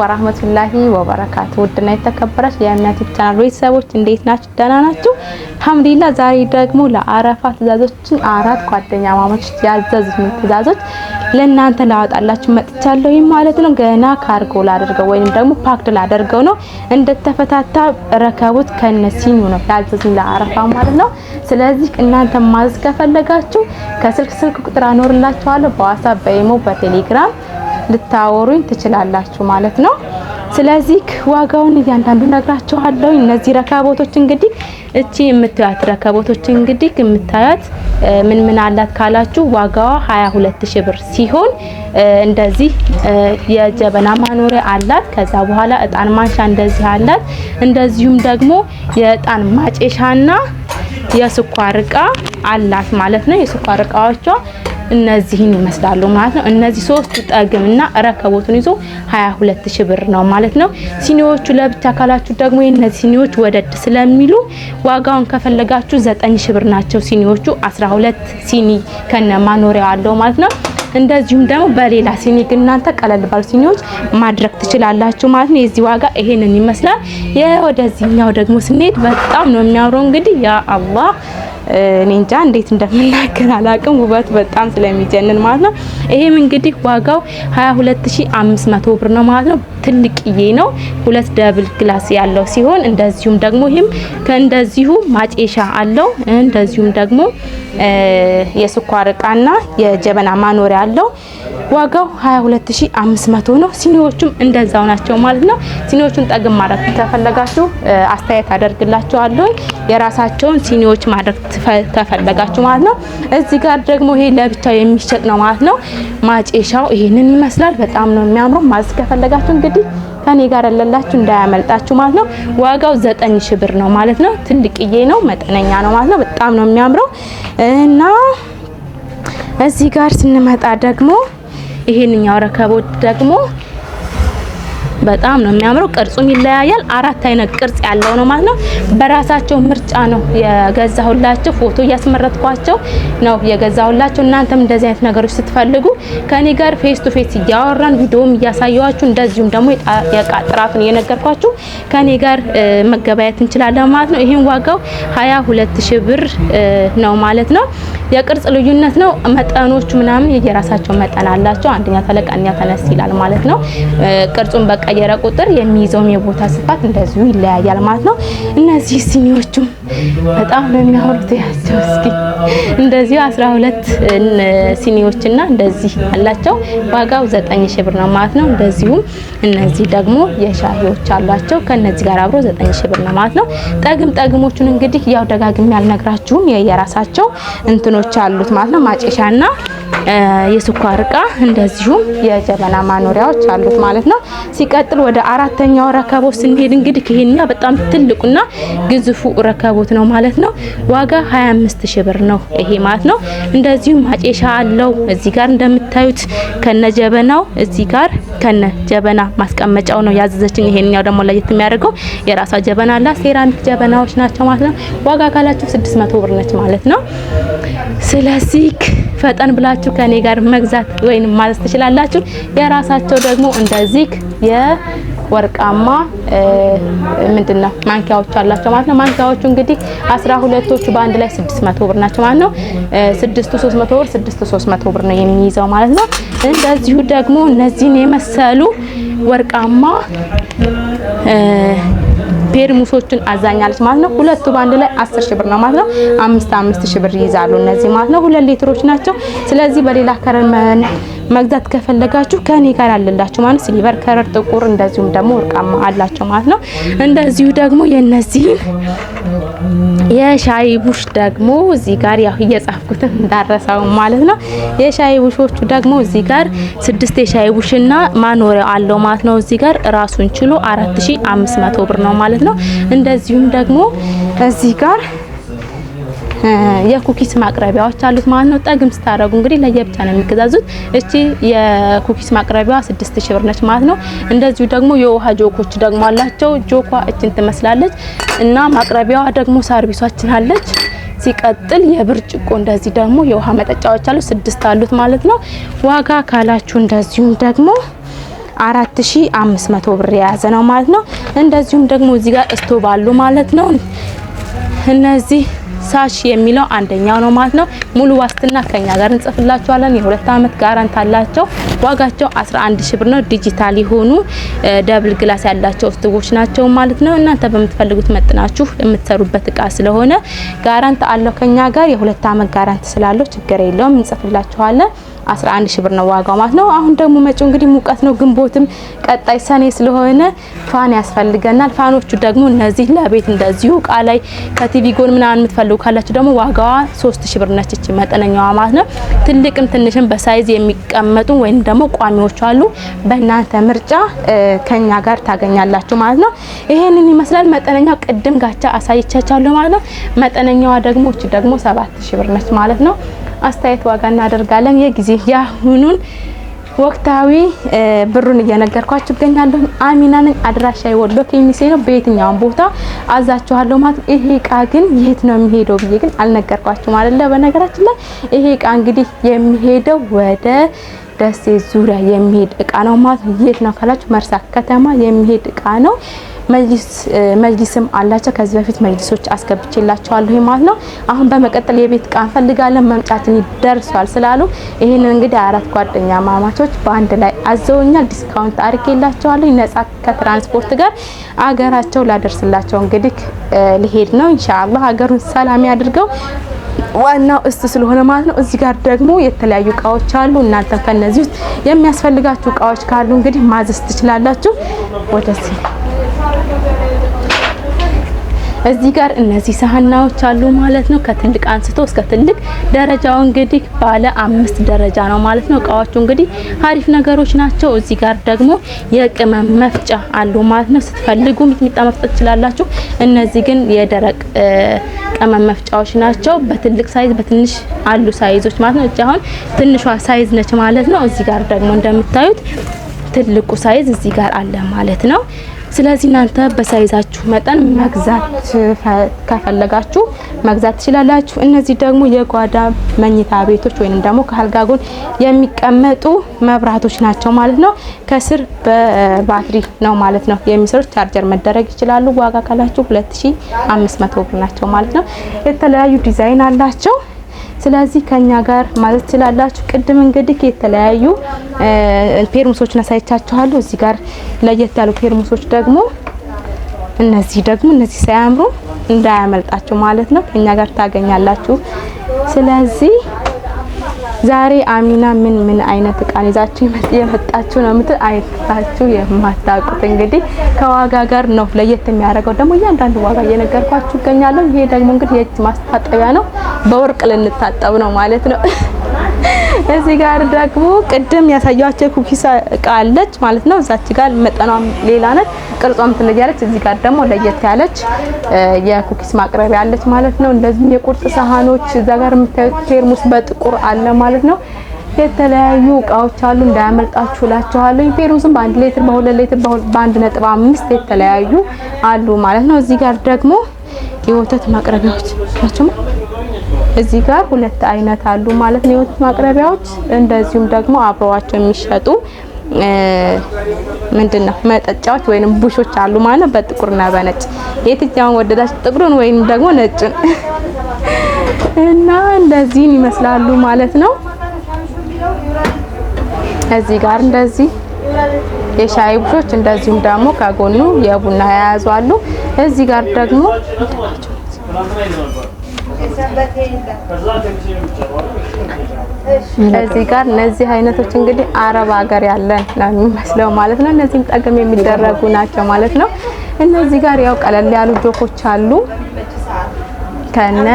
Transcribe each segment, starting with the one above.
ወራህመቱላሂ ወበረካቱ። ውድና የተከበረች የእምነት ቻናል ቤተሰቦች እንዴት ናችሁ? ደህና ናችሁ? አልሐምዱሊላ። ዛሬ ደግሞ ለአረፋ ትእዛዞችን አራት ጓደኛ ማሞች ያዘዙትን ትእዛዞች ለእናንተ ላወጣላችሁ መጥቻለሁ። ይህም ማለት ነው ገና ካርጎ ላደርገው ወይም ደግሞ ፓክድ ላደርገው ነው። እንደተፈታታ ረከቡት ከነሲኙ ነው ያዘዙኝ ለአረፋ ማለት ነው። ስለዚህ እናንተ ማዘዝ ከፈለጋችሁ ከስልክ ስልክ ቁጥር አኖርላችኋለሁ በዋትስአፕ በኢሞ በቴሌግራም ልታወሩኝ ትችላላችሁ ማለት ነው። ስለዚህ ዋጋውን እያንዳንዱ ነግራችኋለሁ። እነዚህ ረከቦቶች እንግዲህ እቺ የምታዩት ረከቦቶች እንግዲህ የምታዩት ምን ምን አላት ካላችሁ ዋጋዋ 22000 ብር ሲሆን እንደዚህ የጀበና ማኖሪያ አላት። ከዛ በኋላ እጣን ማንሻ እንደዚህ አላት። እንደዚሁም ደግሞ የእጣን ማጨሻና የስኳር እቃ አላት ማለት ነው። የስኳር እቃዎቿ እነዚህን ይመስላሉ ማለት ነው። እነዚህ ሶስቱ ጠግምና ረከቦቱን ይዞ 22 ሺህ ብር ነው ማለት ነው። ሲኒዎቹ ለብቻ ካላችሁ ደግሞ የነዚህ ሲኒዎች ወደድ ስለሚሉ ዋጋውን ከፈለጋችሁ 9 ሺህ ብር ናቸው ሲኒዎቹ። 12 ሲኒ ከነ ማኖሪያው አለው ማለት ነው። እንደዚሁም ደግሞ በሌላ ሲኒ ግን እናንተ ቀለል ባሉ ሲኒዎች ማድረግ ትችላላችሁ ማለት ነው። የዚህ ዋጋ ይሄንን ይመስላል። የወደዚህኛው ደግሞ ስንሄድ በጣም ነው የሚያምረው እንግዲህ ያ አላህ እኔ እንጃ እንዴት እንደምናገር አላቅም። ውበት በጣም ስለሚጀንን ማለት ነው። ይሄም እንግዲህ ዋጋው 22500 ብር ነው ማለት ነው። ትልቅዬ ነው። ሁለት ደብል ግላስ ያለው ሲሆን እንደዚሁም ደግሞ ይሄም ከእንደዚሁ ማጨሻ አለው። እንደዚሁም ደግሞ የስኳር እቃና የጀበና ማኖሪያ አለው። ዋጋው 22500 ነው። ሲኒዎቹም እንደዛው ናቸው ማለት ነው። ሲኒዎቹን ጠግም ማድረግ ከፈለጋችሁ አስተያየት አደርግላችኋለሁ። የራሳቸውን ሲኒዎች ማድረግ ከፈለጋችሁ ማለት ነው። እዚህ ጋር ደግሞ ይሄ ለብቻው የሚሸጥ ነው ማለት ነው። ማጨሻው ይሄንን ይመስላል። በጣም ነው የሚያምረው። ማዘዝ ከፈለጋችሁ እንግዲህ ከኔ ጋር ያለላችሁ እንዳያመልጣችሁ ማለት ነው። ዋጋው ዘጠኝ ሺህ ብር ነው ማለት ነው። ትልቅዬ ነው፣ መጠነኛ ነው ማለት ነው። በጣም ነው የሚያምረው እና እዚህ ጋር ስንመጣ ደግሞ ይሄንኛው ረከቦት ደግሞ በጣም ነው የሚያምረው። ቅርጹም ይለያያል። አራት አይነት ቅርጽ ያለው ነው ማለት ነው። በራሳቸው ምርጫ ነው የገዛሁላቸው። ፎቶ እያስመረጥኳቸው ነው የገዛሁላቸው። እናንተም እንደዚህ አይነት ነገሮች ስትፈልጉ ከኔ ጋር ፌስ ቱ ፌስ እያወራን ቪዲዮም እያሳየኋችሁ እንደዚሁም ደግሞ የእቃ ጥራቱን እየነገርኳችሁ ከኔ ጋር መገበያየት እንችላለን ማለት ነው። ይሄን ዋጋው 22 ሺህ ብር ነው ማለት ነው። የቅርጽ ልዩነት ነው። መጠኖቹ ምናምን የየራሳቸው መጠን አላቸው። አንደኛ ተለቀ፣ አንደኛ ተነስ ይላል ማለት ነው። ቅርጹን በቃ በተቀያየረ ቁጥር የሚይዘውም የቦታ ስፋት እንደዚሁ ይለያያል ማለት ነው። እነዚህ ሲኒዎቹም በጣም ነው የሚያምሩት። ያቸው እስኪ እንደዚሁ 12 ሲኒዎችና እንደዚህ አላቸው። ዋጋው 9 ሺህ ብር ነው ማለት ነው። እንደዚሁም እነዚህ ደግሞ የሻሂዎች አሏቸው። ከነዚህ ጋር አብሮ 9 ሺህ ብር ነው ማለት ነው። ጠግም ጠግሞቹን እንግዲህ ያው ደጋግሜ ያልነግራችሁም የየራሳቸው እንትኖች አሉት ማለት ነው ማጨሻና የስኳር እቃ እንደዚሁም የጀበና ማኖሪያዎች አሉት ማለት ነው። ሲቀጥል ወደ አራተኛው ረከቦት ስንሄድ እንግዲህ ይሄኛ በጣም ትልቁና ግዙፉ ረከቦት ነው ማለት ነው። ዋጋ 25 ሺህ ብር ነው ይሄ ማለት ነው። እንደዚሁም ማጨሻ አለው እዚህ ጋር እንደምታዩት ከነ ጀበናው እዚህ ጋር ከነ ጀበና ማስቀመጫው ነው ያዘዘችን። ይሄኛው ደግሞ ለየት የሚያደርገው የራሷ ጀበና አላት። ሴራሚክ ጀበናዎች ናቸው ማለት ነው። ዋጋ ካላችሁ 600 ብር ነች ማለት ነው። ስለዚህ ፈጠን ብላችሁ ከኔ ጋር መግዛት ወይም ማለት ትችላላችሁ። የራሳቸው ደግሞ እንደዚህ የወርቃማ ምንድነው ማንኪያዎች ማንኪያዎቹ አላቸው ማለት ነው። ማንኪያዎቹ እንግዲህ አስራ ሁለቶቹ በአንድ ላይ 600 ብር ናቸው ማለት ነው። ስድስቱ 300 ብር፣ ስድስቱ 300 ብር ነው የሚይዘው ማለት ነው። እንደዚሁ ደግሞ እነዚህን የመሰሉ ወርቃማ ቤርሙሶችን አዛኛለች ማለት ነው። ሁለቱ በአንድ ላይ 10 ሺህ ብር ነው ማለት ነው። አምስት አምስት ሺህ ብር ይይዛሉ እነዚህ ማለት ነው። ሁለት ሊትሮች ናቸው። ስለዚህ በሌላ ከረመን መግዛት ከፈለጋችሁ ከኔ ጋር አለላችሁ ማለት ሲሊቨር ከረር፣ ጥቁር እንደዚሁም ደግሞ ወርቃማ አላቸው ማለት ነው። እንደዚሁ ደግሞ የነዚህን የሻይ ቡሽ ደግሞ እዚህ ጋር ያው እየጻፍኩት እንዳረሳው ማለት ነው። የሻይ ቡሾቹ ደግሞ እዚህ ጋር ስድስት የሻይ ቡሽና ማኖሪያ አለው ማለት ነው። እዚህ ጋር ራሱን ችሎ 4500 ብር ነው ማለት ነው። እንደዚሁም ደግሞ እዚህ ጋር የኩኪስ ማቅረቢያዎች አሉት ማለት ነው። ጠግም ስታደርጉ እንግዲህ ለየብቻ ነው የሚገዛዙት። እቺ የኩኪስ ማቅረቢያዋ 6000 ብር ነች ማለት ነው። እንደዚሁ ደግሞ የውሃ ጆኮች ደግሞ አላቸው። ጆኳ እችን ትመስላለች እና ማቅረቢያዋ ደግሞ ሰርቪሷችን አለች። ሲቀጥል የብርጭቆ እንደዚህ ደግሞ የውሃ መጠጫዎች አሉት ስድስት አሉት ማለት ነው። ዋጋ ካላችሁ እንደዚሁም ደግሞ 4500 ብር የያዘ ነው ማለት ነው። እንደዚሁም ደግሞ እዚህ ጋር እስቶቭ አሉ ማለት ነው እነዚህ ሳሽ የሚለው አንደኛው ነው ማለት ነው። ሙሉ ዋስትና ከኛ ጋር እንጽፍላችኋለን። የሁለት አመት ጋራንት አላቸው። ዋጋቸው 11 ሺህ ብር ነው። ዲጂታል የሆኑ ደብል ግላስ ያላቸው እስትቦች ናቸው ማለት ነው። እናንተ በምትፈልጉት መጥናችሁ የምትሰሩበት እቃ ስለሆነ ጋራንት አለው ከኛ ጋር የሁለት አመት ጋራንት ስላለው ችግር የለውም እንጽፍላችኋለን። 11 ሺህ ብር ነው ዋጋው ማለት ነው። አሁን ደግሞ መጪው እንግዲህ ሙቀት ነው። ግንቦትም ቀጣይ ሰኔ ስለሆነ ፋን ያስፈልገናል። ፋኖቹ ደግሞ እነዚህ ለቤት እንደዚሁ እቃ ላይ ከቲቪ ጎን ምናምን የምትፈልጉ ካላችሁ ደግሞ ዋጋዋ ሶስት ብር ነች። እቺ መጠነኛዋ ማለት ነው። ትልቅም ትንሽም በሳይዝ የሚቀመጡ ወይም ደግሞ ቋሚዎች አሉ። በእናንተ ምርጫ ከኛ ጋር ታገኛላችሁ ማለት ነው። ይሄንን ይመስላል መጠነኛው። ቅድም ጋቻ አሳይቻችኋለሁ ማለት ነው። መጠነኛዋ ደግሞ እቺ ደግሞ 7000 ብር ነች ማለት ነው። አስተያየት ዋጋ እናደርጋለን። የጊዜ ያሁኑን ወቅታዊ ብሩን እየነገርኳችሁ እገኛለሁ። አሚና ነኝ። አድራሻ ወሎ ከሚሴ ነው። በየትኛውን ቦታ አዛችኋለሁ ማለት ነው። ይሄ እቃ ግን የት ነው የሚሄደው ብዬ ግን አልነገርኳችሁ ማለት በነገራችን ላይ ይሄ እቃ እንግዲህ የሚሄደው ወደ ደሴ ዙሪያ የሚሄድ እቃ ነው ማለት ነው። የት ነው ካላችሁ መርሳ ከተማ የሚሄድ እቃ ነው። መጅሊስም አላቸው። ከዚህ በፊት መጅሊሶች አስገብቼላቸዋለሁ ማለት ነው። አሁን በመቀጠል የቤት እቃ እንፈልጋለን መምጫትን ይደርሷል ስላሉ ይህንን እንግዲህ አራት ጓደኛ ማማቾች በአንድ ላይ አዘውኛል። ዲስካውንት አድርጌላቸዋለሁ ነጻ ከትራንስፖርት ጋር አገራቸው ላደርስላቸው እንግዲህ ሊሄድ ነው ኢንሻአላህ። ሀገሩን ሰላም ያድርገው። ዋናው እሱ ስለሆነ ማለት ነው። እዚህ ጋር ደግሞ የተለያዩ እቃዎች አሉ። እናንተ ከነዚህ ውስጥ የሚያስፈልጋችሁ እቃዎች ካሉ እንግዲህ ማዘዝ ትችላላችሁ ወደዚህ እዚህ ጋር እነዚህ ሳህናዎች አሉ ማለት ነው። ከትልቅ አንስቶ እስከ ትልቅ ደረጃው እንግዲህ ባለ አምስት ደረጃ ነው ማለት ነው። እቃዎቹ እንግዲህ አሪፍ ነገሮች ናቸው። እዚህ ጋር ደግሞ የቅመም መፍጫ አሉ ማለት ነው። ስትፈልጉ ሚጥሚጣ መፍጠት ትችላላችሁ። እነዚህ ግን የደረቅ ቅመም መፍጫዎች ናቸው። በትልቅ ሳይዝ በትንሽ አሉ ሳይዞች ማለት ነው። እጅ አሁን ትንሿ ሳይዝ ነች ማለት ነው። እዚህ ጋር ደግሞ እንደምታዩት ትልቁ ሳይዝ እዚህ ጋር አለ ማለት ነው። ስለዚህ እናንተ በሳይዛችሁ መጠን መግዛት ከፈለጋችሁ መግዛት ትችላላችሁ። እነዚህ ደግሞ የጓዳ መኝታ ቤቶች ወይንም ደግሞ ከአልጋ ጎን የሚቀመጡ መብራቶች ናቸው ማለት ነው። ከስር በባትሪ ነው ማለት ነው የሚሰሩት። ቻርጀር መደረግ ይችላሉ። ዋጋ ካላችሁ 2500 ብር ናቸው ማለት ነው። የተለያዩ ዲዛይን አላቸው። ስለዚህ ከኛ ጋር ማለት ትችላላችሁ። ቅድም እንግዲህ የተለያዩ ፔርሙሶችን አሳይቻችኋለሁ። እዚህ ጋር ለየት ያሉ ፔርሙሶች ደግሞ እነዚህ ደግሞ እነዚህ ሳያምሩ እንዳያመልጣችሁ ማለት ነው ከኛ ጋር ታገኛላችሁ። ስለዚህ ዛሬ አሚና ምን ምን አይነት እቃን ይዛችሁ የመጣችሁ ነው የምትል አይታችሁ የማታውቁት እንግዲህ ከዋጋ ጋር ነው ለየት የሚያደርገው። ደግሞ እያንዳንዱ ዋጋ እየነገርኳችሁ ይገኛለሁ። ይሄ ደግሞ እንግዲህ የእጅ ማስታጠቢያ ነው። በወርቅ ልንታጠብ ነው ማለት ነው። እዚህ ጋር ደግሞ ቅድም ያሳያቸው ኩኪስ እቃ አለች ማለት ነው። እዛች ጋር መጠኗም ሌላ ነች፣ ቅርጿም ትለያለች። እዚህ ጋር ደግሞ ለየት ያለች የኩኪስ ማቅረቢያ አለች ማለት ነው። እንደዚህ የቁርጥ ሳህኖች እዛ ጋር የምታዩት ቴርሙስ በጥቁር አለ ማለት ነው። የተለያዩ እቃዎች አሉ እንዳያመልጣችሁ እላችኋለሁ። ቴርሙስም በአንድ ሌትር፣ በሁለት ሌትር፣ በአንድ ነጥብ አምስት የተለያዩ አሉ ማለት ነው። እዚህ ጋር ደግሞ የወተት ማቅረቢያዎች ናቸው። እዚህ ጋር ሁለት አይነት አሉ ማለት ነው የወተት ማቅረቢያዎች። እንደዚሁም ደግሞ አብረዋቸው የሚሸጡ ምንድነው መጠጫዎች ወይንም ቡሾች አሉ ማለት ነው። በጥቁርና በነጭ የትኛውን ወደዳች ጥቁሩን ወይንም ደግሞ ነጭን እና እንደዚህን ይመስላሉ ማለት ነው። እዚህ ጋር እንደዚህ የሻይ ቡሾች እንደዚሁም ደግሞ ከጎኑ የቡና የያዙ አሉ። እዚህ ጋር ደግሞ እዚህ ጋር እነዚህ አይነቶች እንግዲህ አረብ ሀገር ያለን ነው የሚመስለው ማለት ነው። እነዚህም ጠገም የሚደረጉ ናቸው ማለት ነው። እነዚህ ጋር ያው ቀለል ያሉ ጆኮች አሉ። ከነ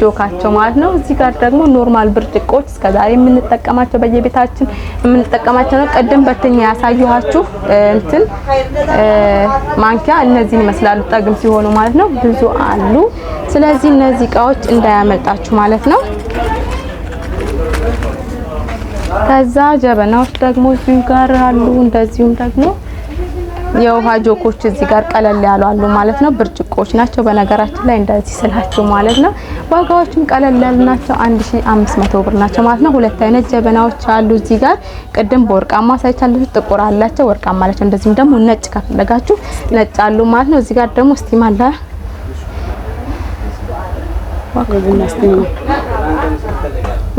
ጆካቸው ማለት ነው። እዚህ ጋር ደግሞ ኖርማል ብርጭቆች እስከዛሬ የምንጠቀማቸው በየቤታችን የምንጠቀማቸው ነው። ቅድም በትኛ ያሳየኋችሁ እንትን ማንኪያ እነዚህን ይመስላሉ። ጠግም ሲሆኑ ማለት ነው ብዙ አሉ። ስለዚህ እነዚህ እቃዎች እንዳያመልጣችሁ ማለት ነው። ከዛ ጀበናዎች ደግሞ እዚሁ ጋር አሉ። እንደዚሁም ደግሞ የውሃ ጆኮች እዚህ ጋር ቀለል ያሉ አሉ ማለት ነው። ብርጭቆች ናቸው በነገራችን ላይ እንደዚህ ስላቸው ማለት ነው። ዋጋዎችም ቀለል ያሉ ናቸው። 1500 ብር ናቸው ማለት ነው። ሁለት አይነት ጀበናዎች አሉ እዚህ ጋር ቅድም በወርቃማ ሳይቻለሁ ጥቁር አላቸው ወርቃማ አላቸው። እንደዚህም ደግሞ ነጭ ከፈለጋችሁ ነጭ አሉ ማለት ነው። እዚህ ጋር ደግሞ ስቲም አለ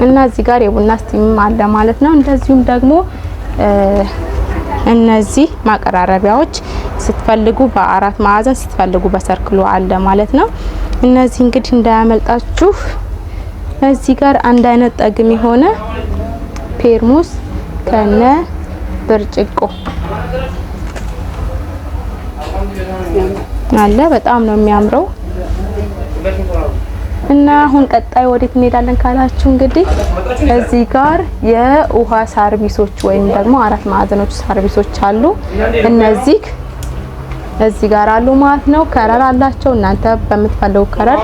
እና እዚህ ጋር የቡና ስቲም አለ ማለት ነው። እንደዚሁም ደግሞ እነዚህ ማቀራረቢያዎች ስትፈልጉ በአራት ማዕዘን ስትፈልጉ በሰርክሉ አለ ማለት ነው። እነዚህ እንግዲህ እንዳያመልጣችሁ። እዚህ ጋር አንድ አይነት ጠግም የሆነ ፔርሙስ ከነ ብርጭቆ አለ። በጣም ነው የሚያምረው። እና አሁን ቀጣይ ወዴት እንሄዳለን ካላችሁ እንግዲህ እዚህ ጋር የውሃ ሰርቪሶች ወይም ደግሞ አራት ማዕዘኖች ሰርቪሶች አሉ። እነዚህ እዚህ ጋር አሉ ማለት ነው። ከረር አላቸው። እናንተ በምትፈልጉ ከረር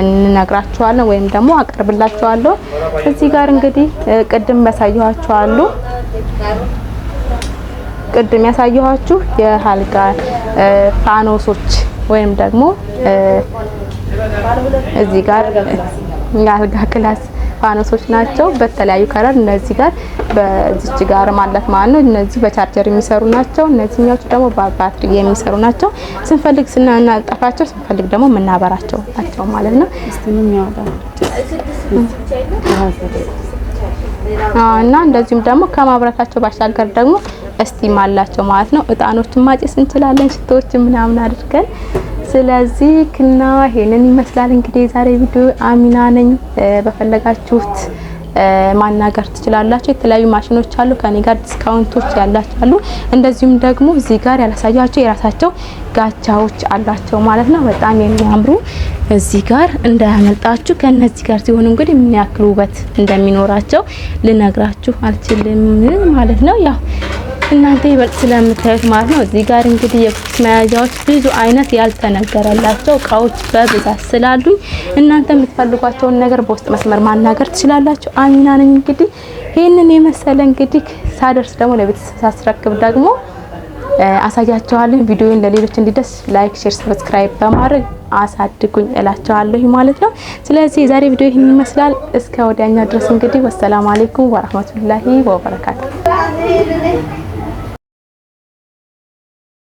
እንነግራችኋለን ወይም ደግሞ አቀርብላችኋለሁ። እዚህ ጋር እንግዲህ ቅድም ያሳየኋችሁ ቅድም ያሳየኋችሁ የአልጋ ፋኖሶች ወይም ደግሞ እዚህ ጋር የአልጋ ክላስ ፋኖሶች ናቸው። በተለያዩ ከረር እነዚህ ጋር በዚች ጋር ማለት ማለት ነው። እነዚህ በቻርጀር የሚሰሩ ናቸው። እነዚህኛዎቹ ደግሞ በባትሪ የሚሰሩ ናቸው። ስንፈልግ ስናጠፋቸው፣ ስንፈልግ ደግሞ የምናበራቸው ናቸው ማለት ነው እና እንደዚሁም ደግሞ ከማብራታቸው ባሻገር ደግሞ እስቲም አላቸው ማለት ነው። እጣኖችን ማጨስ እንችላለን፣ ሽቶዎችን ምናምን አድርገን ስለዚህ ክና ይሄንን ይመስላል እንግዲህ የዛሬ ቪዲዮ። አሚና ነኝ። በፈለጋችሁት ማናገር ትችላላችሁ። የተለያዩ ማሽኖች አሉ። ከኔ ጋር ዲስካውንቶች ያላቸው አሉ። እንደዚሁም ደግሞ እዚህ ጋር ያላሳያቸው የራሳቸው ጋቻዎች አላቸው ማለት ነው። በጣም የሚያምሩ እዚህ ጋር እንዳያመልጣችሁ። ከነዚህ ጋር ሲሆኑ እንግዲህ ምን ያክል ውበት እንደሚኖራቸው ልነግራችሁ አልችልም ማለት ነው ያው እናንተ ይበልጥ ስለምታዩት ማለት ነው። እዚህ ጋር እንግዲህ የኩኪስ መያዣዎች ብዙ አይነት ያልተነገረላቸው እቃዎች በብዛት ስላሉኝ እናንተ የምትፈልጓቸውን ነገር በውስጥ መስመር ማናገር ትችላላችሁ። አሚና ነኝ። እንግዲህ ይህንን የመሰለ እንግዲህ ሳደርስ ደግሞ ለቤተሰብ ሳስረክብ ደግሞ አሳያችኋለሁ። ቪዲዮን ለሌሎች እንዲደርስ ላይክ፣ ሼር፣ ሰብስክራይብ በማድረግ አሳድጉኝ እላቸዋለሁ ማለት ነው። ስለዚህ የዛሬ ቪዲዮ ይህን ይመስላል። እስከ ወዲያኛው ድረስ እንግዲህ ወሰላም አሌይኩም ወራህመቱላሂ ወበረካቱ።